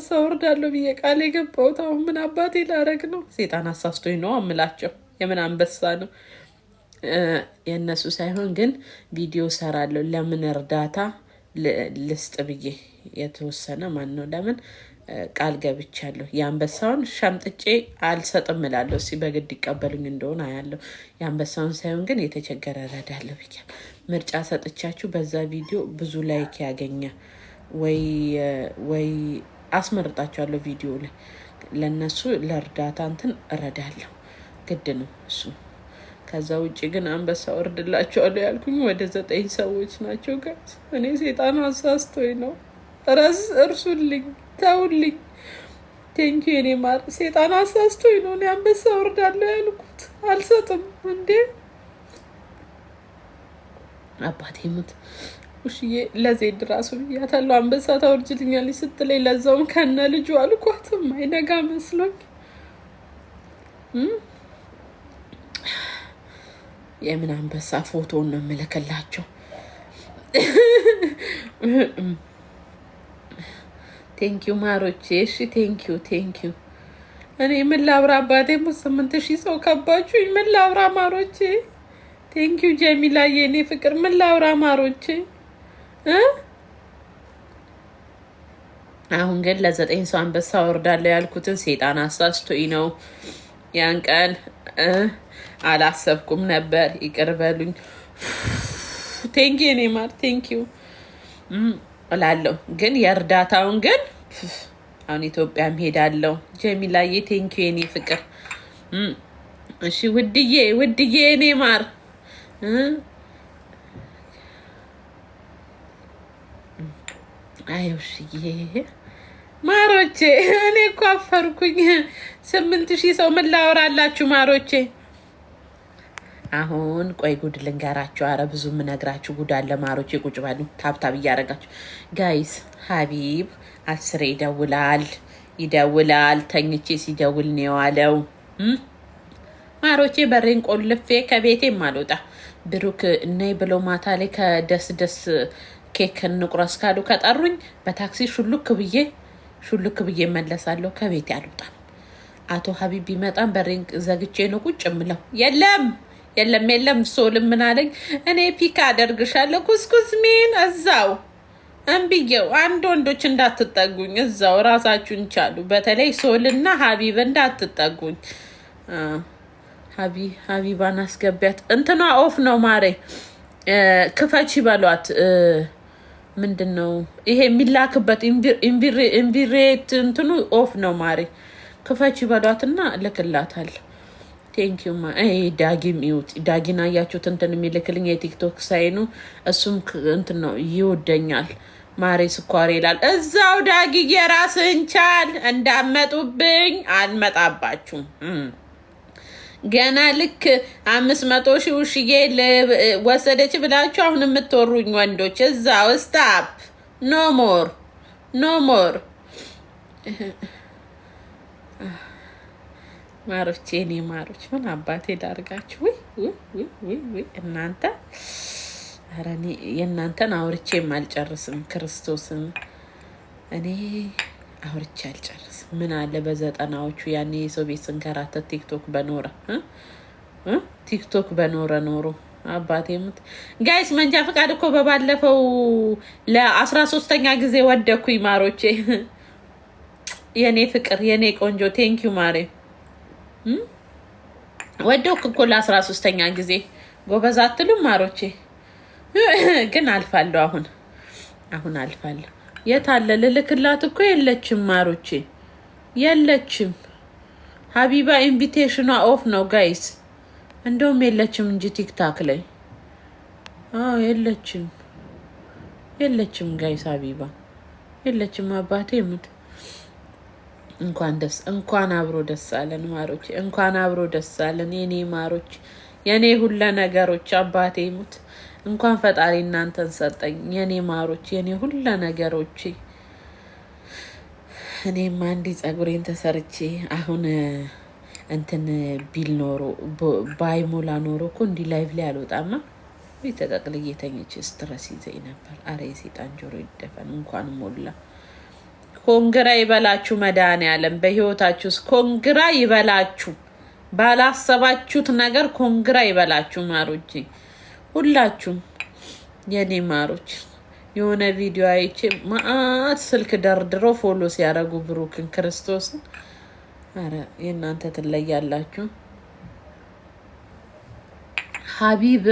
እሳ ወርዳለሁ ብዬ ቃል የገባሁት አሁን ምን አባቴ ላረግ ነው? ሴጣን አሳስቶኝ ነው አምላቸው። የምን አንበሳ ነው የእነሱ ሳይሆን ግን ቪዲዮ ሰራለሁ። ለምን እርዳታ ልስጥ ብዬ የተወሰነ ማን ነው ለምን ቃል ገብቻለሁ። የአንበሳውን ሸምጥጬ አልሰጥም እላለሁ። እስኪ በግድ ይቀበሉኝ እንደሆነ አያለሁ። የአንበሳውን ሳይሆን ግን የተቸገረ እረዳለሁ ብያል። ምርጫ ሰጥቻችሁ በዛ ቪዲዮ ብዙ ላይክ ያገኘ ወይ ወይ አስመርጣቸዋለሁ ቪዲዮ ላይ ለእነሱ ለእርዳታ እንትን እረዳለሁ። ግድ ነው እሱ። ከዛ ውጭ ግን አንበሳ ወርድላቸዋለሁ ያልኩኝ ወደ ዘጠኝ ሰዎች ናቸው። ጋር እኔ ሴጣን አሳስቶኝ ነው። ረስ እርሱልኝ፣ ተውልኝ። ቴንኪ የኔ ማር። ሴጣን አሳስቶኝ ነው እኔ አንበሳ ወርዳለሁ ያልኩት። አልሰጥም እንዴ አባቴ ሙት ውሽዬ ለዜድ ራሱ ብያታለሁ አንበሳ ታወርጅልኛለች ስትለኝ ለዛውም ከነ ልጁ አልኳትም አይነጋ መስሎኝ የምን አንበሳ ፎቶውን ነው የምልክላቸው። ቴንኪዩ ማሮቼ። እሺ ቴንኪዩ ቴንኪዩ። እኔ ምን ላብራ አባቴ ስምንት ሺህ ሰው ከባችሁኝ ምን ላብራ ማሮቼ። ቴንኪዩ ጀሚላ የእኔ ፍቅር ምን ላብራ ማሮቼ አሁን ግን ለዘጠኝ ሰው አንበሳ ወርዳለሁ ያልኩትን ሴጣን አሳስቶኝ ነው። ያን ቀን አላሰብኩም ነበር። ይቅር በሉኝ። ቴንኪ ኔ ማር ቴንኪ እላለሁ። ግን የእርዳታውን ግን አሁን ኢትዮጵያም ሄዳለሁ። ጀሚላዬ ቴንኪ ኔ ፍቅር። እሺ ውድዬ፣ ውድዬ ኔ ማር አየውሽዬ ማሮቼ እኔ እኮ አፈርኩኝ። ስምንት ሺህ ሰው ምን ላወራላችሁ ማሮቼ። አሁን ቆይ ጉድ ልንገራችሁ። አረ ብዙ የምነግራችሁ ጉድ አለ ማሮቼ። ቁጭ ባሉ ታብታብ እያደረጋችሁ ጋይስ። ሀቢብ አስሬ ይደውላል ይደውላል። ተኝቼ ሲደውል ነው የዋለው ማሮቼ። በሬን ቆልፌ ከቤቴም አልወጣ ብሩክ እነይ ብሎ ማታ ላይ ከደስ ደስ ኬክ እንቁረስ ካሉ ከጠሩኝ በታክሲ ሹልክ ብዬ ሹልክ ብዬ መለሳለሁ። ከቤት አልወጣም። አቶ ሀቢብ ቢመጣም በሬን ዘግቼ ነው ቁጭ እምለው። የለም የለም የለም። ሶል ምን አለኝ? እኔ ፒካ አደርግሻለሁ። ኩስኩስ ሚን እዛው እምብዬው አንድ ወንዶች እንዳትጠጉኝ፣ እዛው ራሳችሁን ቻሉ። በተለይ ሶልና ሀቢብ እንዳትጠጉኝ። ሀቢባን አስገቢያት። እንትኗ ኦፍ ነው ማሬ ክፈች ይበሏት። ምንድን ነው ይሄ የሚላክበት ኢንቪሬት እንትኑ ኦፍ ነው። ማሪ ክፈች ይበሏትና ልክላታል። ቴንኪዩ ዳጊም ይውጥ ዳጊና አያችሁት እንትን የሚልክልኝ የቲክቶክ ሳይኑ እሱም እንትን ነው ይወደኛል። ማሬ ስኳር ይላል እዛው ዳጊ የራስህን ቻል። እንዳመጡብኝ አልመጣባችሁም። ገና ልክ አምስት መቶ ሺህ ውሽዬ ወሰደች ብላችሁ አሁን የምትወሩኝ ወንዶች እዛው ስታፕ ኖ ሞር ኖ ሞር። ማሮች የኔ ማሮች ምን አባቴ ላርጋችሁ? እናንተ ኧረ እኔ የእናንተን አውርቼም አልጨርስም። ክርስቶስን እኔ አውርቼ አልጨርስም። ምን አለ በዘጠናዎቹ ያኔ የሰው ቤት ስንከራተት ቲክቶክ በኖረ ቲክቶክ በኖረ ኖሮ አባቴ ምት ጋይስ መንጃ ፈቃድ እኮ በባለፈው ለአስራ ሶስተኛ ጊዜ ወደኩ። ማሮቼ የኔ ፍቅር የኔ ቆንጆ ቴንኪዩ ማሬ ወደኩ እኮ ለአስራ ሶስተኛ ጊዜ ጎበዝ አትሉም ማሮቼ? ግን አልፋለሁ። አሁን አሁን አልፋለሁ። የት አለ ልልክላት እኮ የለችም ማሮቼ። የለችም። ሀቢባ ኢንቪቴሽኗ ኦፍ ነው ጋይስ። እንደውም የለችም እንጂ ቲክታክ ላይ የለችም፣ የለችም ጋይስ። ሀቢባ የለችም። አባቴ የምት እንኳን ደስ እንኳን አብሮ ደስ አለን ማሮች፣ እንኳን አብሮ ደስ አለን የኔ ማሮች፣ የኔ ሁለ ነገሮች። አባቴ ሙት እንኳን ፈጣሪ እናንተን ሰጠኝ የኔ ማሮች፣ የኔ ሁለ ነገሮች። እኔም አንድ ጸጉሬን ተሰርቼ አሁን እንትን ቢል ኖሮ ባይሞላ ኖሮ እኮ እንዲህ ላይቭ ላይ አልወጣማ ቤት ተጠቅልዬ ተኝቼ ስትረስ ይዘኝ ነበር። አረ የሴጣን ጆሮ ይደፈን። እንኳን ሞላ። ኮንግራ ይበላችሁ መድኃኒዓለም በህይወታችሁ ውስጥ ኮንግራ ይበላችሁ። ባላሰባችሁት ነገር ኮንግራ ይበላችሁ ማሮች፣ ሁላችሁም የኔ ማሮች። የሆነ ቪዲዮ አይቼ ማአት ስልክ ደርድሮ ፎሎ ሲያደርጉ ብሩክን ክርስቶስን፣ ኧረ የእናንተ ትለያላችሁ። ሀቢብ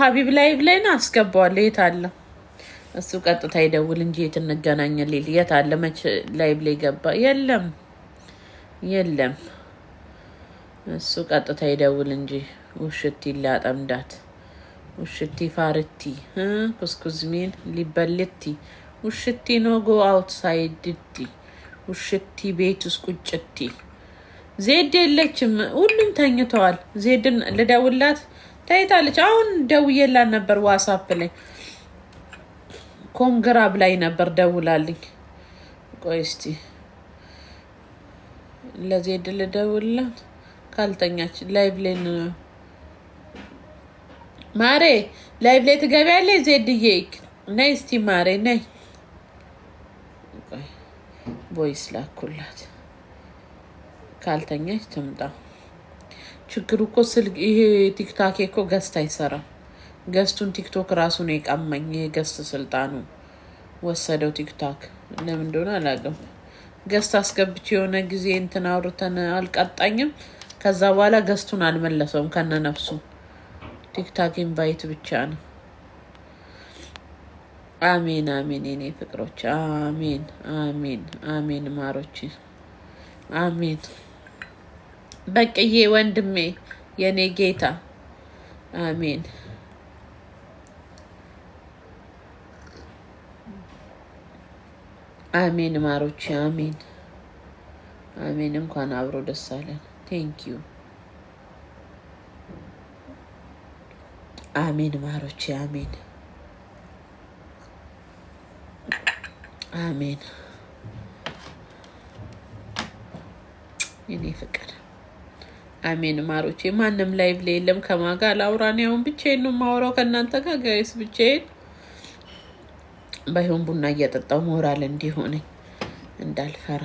ሀቢብ ላይቭ ላይ ነው አስገባዋለሁ። የት አለ እሱ? ቀጥታ ይደውል እንጂ የት እንገናኝ ሊል የት አለ? መቼ ላይቭ ላይ ገባ? የለም የለም። እሱ ቀጥታ ይደውል እንጂ ውሽት ይላጠምዳት ውሽቲ ፋርቲ eh? Kuskusmin liballetti. Uscitti no go outside ቤት ውስጥ ቁጭቲ። ዜድ የለችም፣ ሁሉም ተኝተዋል። ዜድን ልደውላት ተይታለች። አሁን ደውዬላት ነበር ዋሳፕ ላይ ኮንግራብ ላይ ነበር ደውላልኝ። ቆይ እስቲ ለዜድ ልደውላት ካልተኛች ላይቭ ላይ ማሬ ላይቭ ላይ ትገቢያለሽ? ዜድዬ ነይ እስቲ ማሬ ነይ። ቮይስ ላኩላት ካልተኛች ትምጣ። ችግሩ እኮ ስልክ ይሄ ቲክታኬ እኮ ገስት አይሰራም። ገስቱን ቲክቶክ ራሱ ነው የቀመኝ። ይሄ ገስት ስልጣኑ ወሰደው ቲክታክ። ለምን እንደሆነ አላውቅም። ገስት አስገብቼ የሆነ ጊዜ እንትን አውርተን አልቀጣኝም። ከዛ በኋላ ገስቱን አልመለሰውም ከነ ነፍሱም ቲክታክ ኢንቫይት ብቻ ነው። አሜን አሜን፣ የኔ ፍቅሮች አሜን አሜን አሜን፣ ማሮች አሜን። በቅዬ ወንድሜ የኔ ጌታ አሜን። አሜን ማሮች፣ አሜን አሜን። እንኳን አብሮ ደስ አለን። ቴንኪዩ አሜን ማሮች፣ አሜን አሜን። እኔ ፍቅር አሜን ማሮቼ። ማንም ላይቭ ላይ የለም። ከማን ጋር ላውራ? እኔ አሁን ብቻዬን ነው የማወራው ከእናንተ ጋር ጋይስ፣ ብቻዬን ባይሆን ቡና እያጠጣው ሞራል እንዲሆነኝ እንዳልፈራ።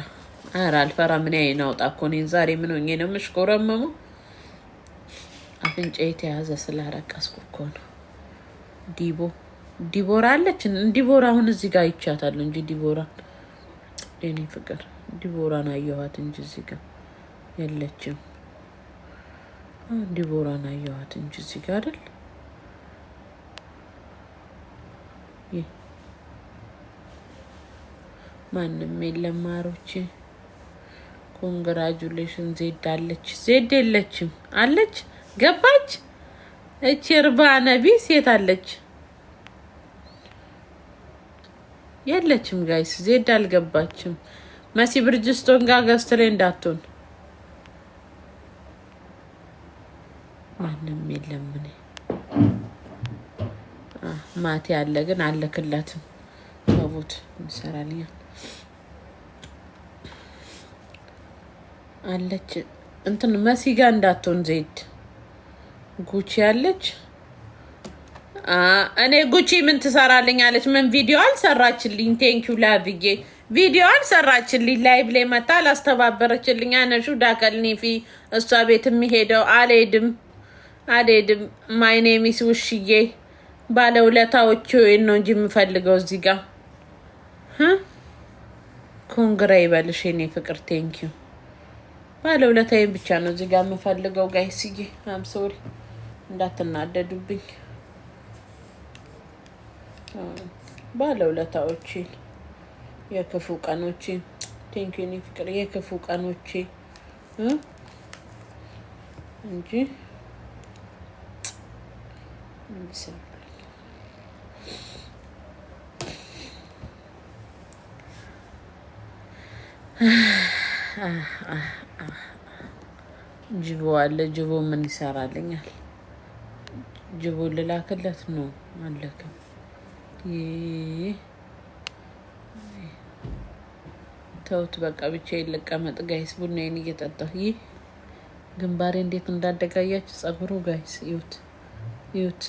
ኧረ አልፈራ። ምን አይናውጣ አውጣ እኮ እኔን ዛሬ ምን ሆኜ ነው የምሽኮረመመው? አፍንጫ የተያዘ ስላረቀስኩ እኮ ነው። ዲቦ ዲቦራ አለች። ዲቦራ አሁን እዚህ ጋር ይቻታለሁ እንጂ ዲቦራ የኔ ፍቅር ዲቦራን አየኋት እንጂ እዚህ ጋር የለችም። ዲቦራን አየኋት እንጂ እዚህ ጋር አይደል? ማንም የለም ማሮቼ። ኮንግራጁሌሽን ዜድ አለች። ዜድ የለችም አለች ገባች። እቺ እርባ ነቢ ሴት አለች የለችም። ጋይስ ዜድ አልገባችም። መሲ ብርጅስቶን ጋር ገዝት ላይ እንዳትሆን ማንም የለም። ምን ማቴ አለ ግን አለክላትም ሰቡት እንሰራልኛል አለች እንትን መሲ ጋር እንዳትሆን ዜድ ጉቺ ያለች እኔ ጉቺ ምን ትሰራልኝ አለች። ምን ቪዲዮ አልሰራችልኝ። ቴንኪዩ ላብዬ ቪዲዮ አልሰራችልኝ። ላይቭ ላይ መታ አላስተባበረችልኝ። አነሹ ዳከልኒ ፊ እሷ ቤት የሚሄደው አልሄድም፣ አልሄድም። ማይ ኔም ኢዝ ውሽዬ ባለውለታዎች ነው እንጂ የምፈልገው እዚህ ጋር ኮንግራ ይበልሽ የኔ ፍቅር ቴንኪዩ። ውለታዬን ብቻ ነው እዚህ ጋር የምፈልገው። ጋይ ስዬ አምሶሪ እንዳትናደዱብኝ ባለውለታዎቼን የክፉ ቀኖቼ ቴንኪኒ ፍቅር የክፉ ቀኖቼ እንጂ ጅቦ አለ። ጅቦ ምን ይሰራልኛል? ጅቦ ልላክለት ነው አለክም ተውት በቃ ብቻዬን ልቀመጥ ጋይስ። ቡናዬን እየጠጣሁ ይህ ግንባሬ እንዴት እንዳደጋያች ጸጉሩ ጋይስ ዩት ዩት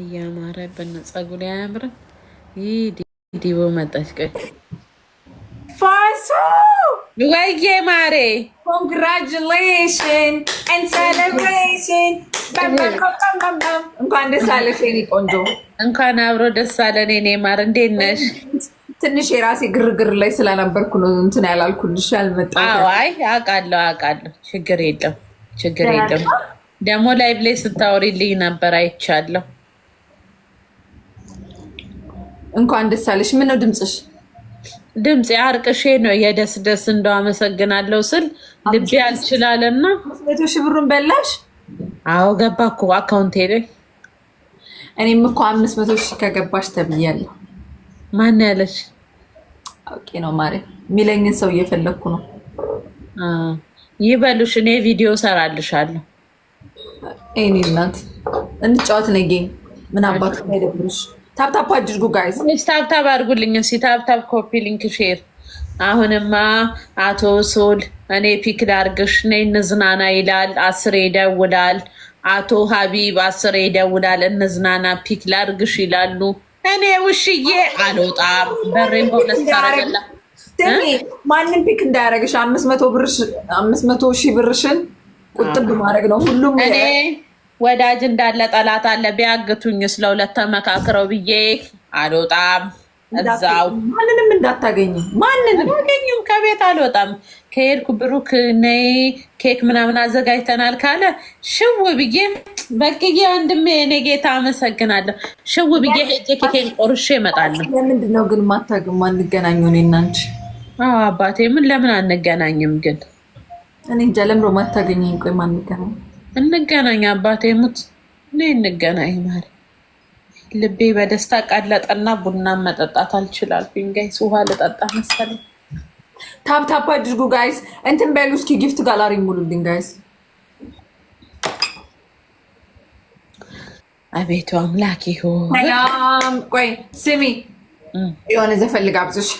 ይዩት በነ ጸጉር አያምርም? ይህ ዲቦ መጣች ቀች ወይዬ ማሬ ኮንግራጁሌሽን ኤንድ ሴሌብሬሽን። እንኳን ደስ አለሽ የኔ ቆንጆ። እንኳን አብሮ ደስ አለን የኔ ማር። እንዴት ነሽ? ትንሽ የራሴ ግርግር ላይ ስለነበርኩ ነው እንትን ያላልኩልሽ ያልመጣሁት። አይ አውቃለሁ አውቃለሁ። ችግር የለም ችግር የለም። ደግሞ ላይቭ ላይ ስታወሪልኝ ነበር አይቻለሁ። እንኳን ደስ አለሽ። ምን ነው ድምፅሽ ድምፅ አርቅሼ ነው የደስደስ እንደው አመሰግናለሁ ስል ልቤ አልችላለና፣ መቶ ሺህ ብሩን በላሽ? አዎ ገባ እኮ አካውንት ሄደ። እኔም እኮ አምስት መቶ ሺህ ከገባሽ ተብያለሁ። ማን ያለች? አውቄ ነው ማሪ የሚለኝን ሰው እየፈለግኩ ነው። ይበሉሽ፣ እኔ ቪዲዮ ሰራልሻለሁ። ይኔ እናት እንጫወት ነጌ ምን አባት አይደብርሽ ታብታብ አድርጉ ጋይዝ፣ ታብታብ አድርጉልኝ። እሺ ታብታብ ኮፒ ሊንክ ሼር። አሁንማ አቶ ሶል እኔ ፒክ ላርግሽ ነይ እንዝናና ይላል። አስሬ ይደውላል። አቶ ሀቢብ አስሬ ይደውላል። እንዝናና ፒክ ላርግሽ ይላሉ። እኔ ውሽዬ አልወጣም። በሬን በሁለት ታረገላ ማንም ፒክ እንዳያረግሽ ብርሽ አምስት መቶ ሺህ ብርሽን ቁጥብ ማድረግ ነው ሁሉም እኔ ወዳጅ እንዳለ ጠላት አለ። ቢያግቱኝ ስለሁለት ተመካክረው ብዬ አልወጣም። እዛው ማንንም እንዳታገኙ ማንንም አገኙም። ከቤት አልወጣም። ከሄድኩ ብሩክ ነይ ኬክ ምናምን አዘጋጅተናል ካለ ሽው ብዬ በቅዬ ወንድሜ፣ እኔ ጌታ አመሰግናለሁ። ሽው ብዬ ሄጄ ኬኬን ቆርሼ እመጣለሁ። ለምንድን ነው ግን ማታግ ማንገናኘው? እኔ እናንች አባቴ ምን ለምን አንገናኝም? ግን እኔ እንጃ ለምሮ ማታገኘኝ። ቆይ ማንገናኝ እንገናኝ አባቴ ሙት እኔ እንገናኝ ማሪ ልቤ በደስታ ቀለጠና ቡና መጠጣት አልችላልኩኝ። ጋይስ ውሃ ልጠጣ መሰለኝ። ታፕታፕ አድርጉ ጋይስ። እንትን በሉ እስኪ ጊፍት ጋላሪ ሙሉልኝ ጋይስ። አቤቱ አምላክ ይሆን። ቆይ ስሚ የሆነ ዘፈልግ አብዙሽ